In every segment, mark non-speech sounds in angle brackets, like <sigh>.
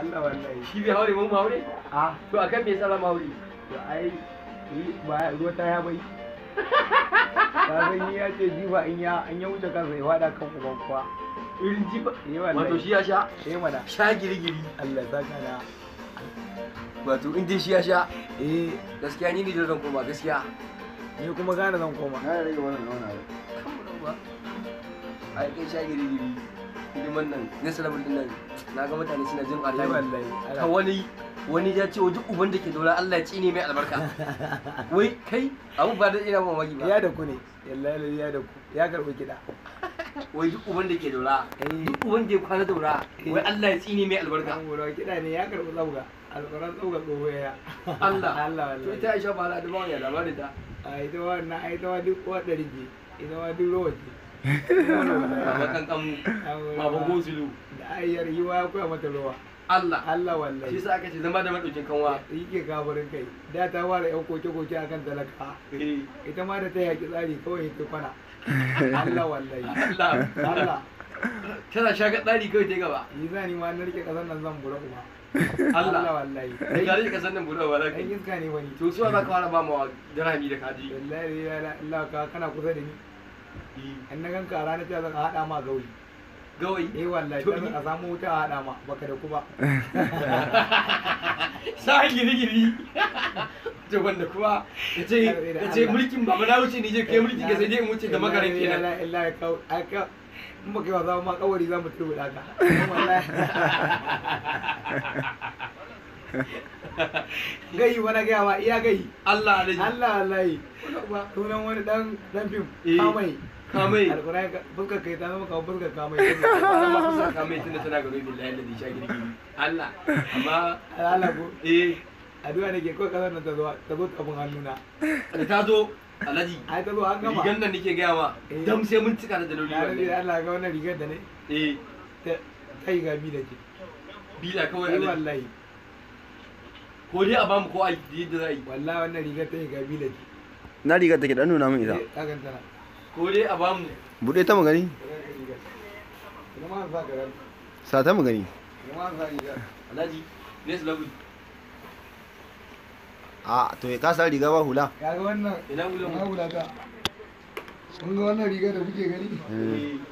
Allah wallahi shi bai haure mun haure a to akan me sala haure to ai ba ruwa ta ya bai kazan ya ce jifa in ya an ya wuce kansa ya wada kan uban kuwa eh wato shi ya sha eh mana sha girgiri Allah wato in dai shi ya sha eh gaskiya ni ne zan koma gaskiya ni kuma gane zan koma na rage wannan ai kai sha girgiri ilimin nan nesa level din nan na ga mutane suna jin wallahi ta wani wani ya ce duk uban da ke dora Allah ya tsine mai albarka <laughs> wai kai abu ba da ina mamaki ba ya da ku ne ya da ku ya karɓi kiɗa <laughs> wai duk uban da ke dora eh. duk uban da ya kwana dora eh. wai Allah ya tsine mai albarka an gora ne ya karɓi zauga alquran zauga gobe ya Allah <laughs> Allah wallahi to ita Aisha ba la da ba ya labarin ta ai to wannan ai to duk wadari ji ina wa duk rowaji mabago zulu da ayyar yi wa koya mata ruwa Allah Allah wallahi shi sa aka ce zama da madaukin kanwa yake kabarin kai da ta ware yan koke koke akan talaka eh. ita ma da ta yaki tsari kawai ta kwana <laughs> Allah wallahi Allah Allah tana shaka tsari kawai ta gaba ni za ni ma na rike kasan nan zan bura kuma. Allah wallahi kai gari kasan nan bura wala kai iska ne wani to suwa za ka fara ba mu da kaji wallahi Allah ka kana kusa da ni in na ganka a ranar zan haɗa ma gauri gawayi eh wallahi dan a samu wuta a hada ma baka <laughs> da kuma sai giri giri to wanda kuma yace yace mulkin baba na wuce ni je kai mulki ga sai dai in wuce da magaran kenan la ilaha illa aka kuma kai yawa zama ma kawari za mu turbuda ka <laughs> wallahi <laughs> <laughs> gai wani gaya ma iya gai Allah alai Allah alai sunan wani dan dan fim eh, kamai kamai alkurai buka kai ta zama kawo buka kamai <laughs> kamai tunda tana gano billahi da sha girgi Allah amma Allah ko eh addu'a nake kawai kasar nan ta zo ta zo abun hannuna da ta zo Alhaji. ai ta zo an gama rigan nan nake gaya ma eh. dan sai mun cika da daloli wallahi Allah ga wannan rigar da ne eh ta yi ga bi da ke Bila da kawai wallahi ko dai a bamu ko a yadda za a yi wallahi wannan rigar ta ce na rigar take dan nuna min ita eh, ko dai a bamu bude ta magani sa ta magani alhaji a to ya kasa riga ba hula wannan ina hula ka ga wannan riga da kuke gani eh.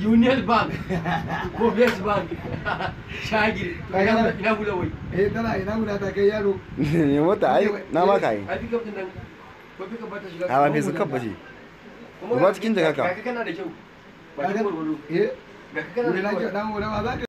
union bank ko bank <laughs> shagir ina gula wai eh tana ina gula ta kai yaro <laughs> ne mota ai na ma kai ai nan ko ba ta shiga a ba pickup ba cikin ka kana da kyau ba gurguru eh ga kana da kyau dan